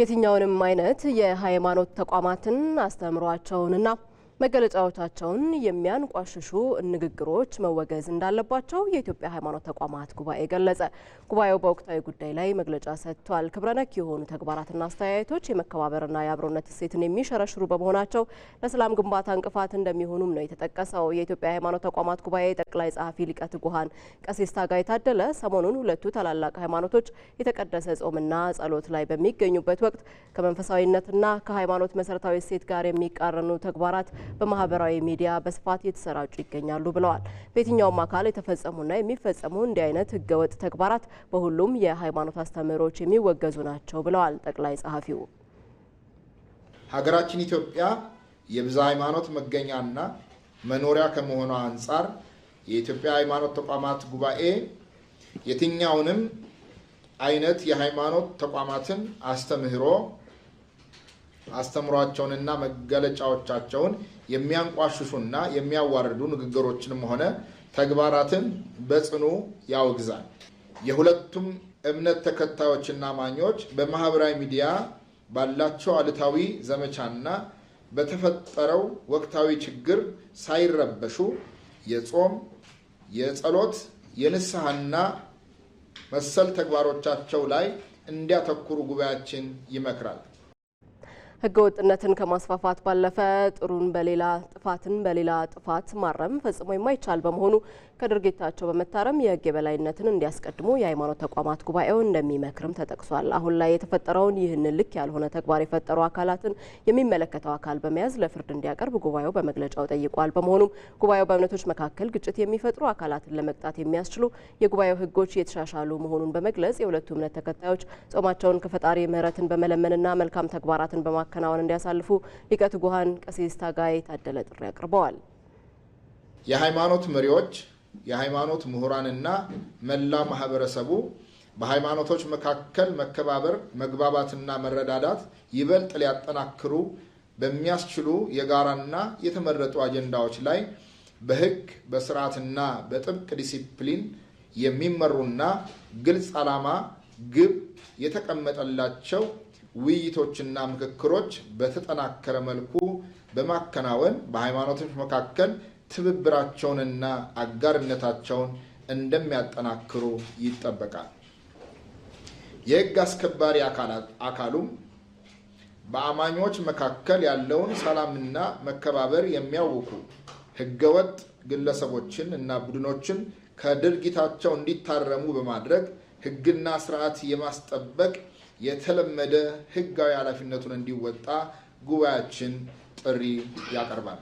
የትኛውንም አይነት የሃይማኖት ተቋማትን አስተምሯቸውንና መገለጫዎቻቸውን የሚያንቋሽሹ ንግግሮች መወገዝ እንዳለባቸው የኢትዮጵያ ሃይማኖት ተቋማት ጉባኤ ገለጸ። ጉባኤው በወቅታዊ ጉዳይ ላይ መግለጫ ሰጥቷል። ክብረነክ የሆኑ ተግባራትና አስተያየቶች የመከባበርና የአብሮነት እሴትን የሚሸረሽሩ በመሆናቸው ለሰላም ግንባታ እንቅፋት እንደሚሆኑም ነው የተጠቀሰው። የኢትዮጵያ ሃይማኖት ተቋማት ጉባኤ ጠቅላይ ጸሐፊ ሊቀ ትጉሃን ቀሲስ ታጋይ ታደለ ሰሞኑን ሁለቱ ታላላቅ ሃይማኖቶች የተቀደሰ ጾምና ጸሎት ላይ በሚገኙበት ወቅት ከመንፈሳዊነትና ከሃይማኖት መሰረታዊ እሴት ጋር የሚቃረኑ ተግባራት በማህበራዊ ሚዲያ በስፋት እየተሰራጩ ይገኛሉ ብለዋል። በየትኛውም አካል የተፈጸሙና የሚፈጸሙ እንዲህ አይነት ህገወጥ ተግባራት በሁሉም የሃይማኖት አስተምህሮች የሚወገዙ ናቸው ብለዋል ጠቅላይ ጸሐፊው። ሀገራችን ኢትዮጵያ የብዛ ሃይማኖት መገኛና መኖሪያ ከመሆኗ አንጻር የኢትዮጵያ ሃይማኖት ተቋማት ጉባኤ የትኛውንም አይነት የሃይማኖት ተቋማትን አስተምህሮ አስተምሯቸውንና መገለጫዎቻቸውን የሚያንቋሽሹና የሚያዋርዱ ንግግሮችንም ሆነ ተግባራትን በጽኑ ያወግዛል። የሁለቱም እምነት ተከታዮችና አማኞች በማህበራዊ ሚዲያ ባላቸው አሉታዊ ዘመቻና በተፈጠረው ወቅታዊ ችግር ሳይረበሹ የጾም፣ የጸሎት፣ የንስሐና መሰል ተግባሮቻቸው ላይ እንዲያተኩሩ ጉባኤያችን ይመክራል። ህገወጥነትን ከማስፋፋት ባለፈ ጥሩን በሌላ ጥፋትን በሌላ ጥፋት ማረም ፈጽሞ የማይቻል በመሆኑ ከድርጊታቸው በመታረም የህግ የበላይነትን እንዲያስቀድሙ የሃይማኖት ተቋማት ጉባኤው እንደሚመክርም ተጠቅሷል። አሁን ላይ የተፈጠረውን ይህንን ልክ ያልሆነ ተግባር የፈጠሩ አካላትን የሚመለከተው አካል በመያዝ ለፍርድ እንዲያቀርብ ጉባኤው በመግለጫው ጠይቋል። በመሆኑም ጉባኤው በእምነቶች መካከል ግጭት የሚፈጥሩ አካላትን ለመቅጣት የሚያስችሉ የጉባኤው ህጎች የተሻሻሉ መሆኑን በመግለጽ የሁለቱ እምነት ተከታዮች ጾማቸውን ከፈጣሪ ምህረትን በመለመንና መልካም ተግባራትን በማ በማከናወን እንዲያሳልፉ ሊቀ ትጉሃን ቀሲስ ታጋይ ታደለ ጥሪ አቅርበዋል። የሃይማኖት መሪዎች፣ የሃይማኖት ምሁራንና መላ ማህበረሰቡ በሃይማኖቶች መካከል መከባበር፣ መግባባትና መረዳዳት ይበልጥ ሊያጠናክሩ በሚያስችሉ የጋራና የተመረጡ አጀንዳዎች ላይ በሕግ በስርዓትና በጥብቅ ዲሲፕሊን የሚመሩና ግልጽ ዓላማ፣ ግብ የተቀመጠላቸው ውይይቶችና ምክክሮች በተጠናከረ መልኩ በማከናወን በሃይማኖቶች መካከል ትብብራቸውንና አጋርነታቸውን እንደሚያጠናክሩ ይጠበቃል። የህግ አስከባሪ አካሉም በአማኞች መካከል ያለውን ሰላምና መከባበር የሚያውኩ ህገወጥ ግለሰቦችን እና ቡድኖችን ከድርጊታቸው እንዲታረሙ በማድረግ ህግና ስርዓት የማስጠበቅ የተለመደ ህጋዊ ኃላፊነቱን እንዲወጣ ጉባኤያችን ጥሪ ያቀርባል።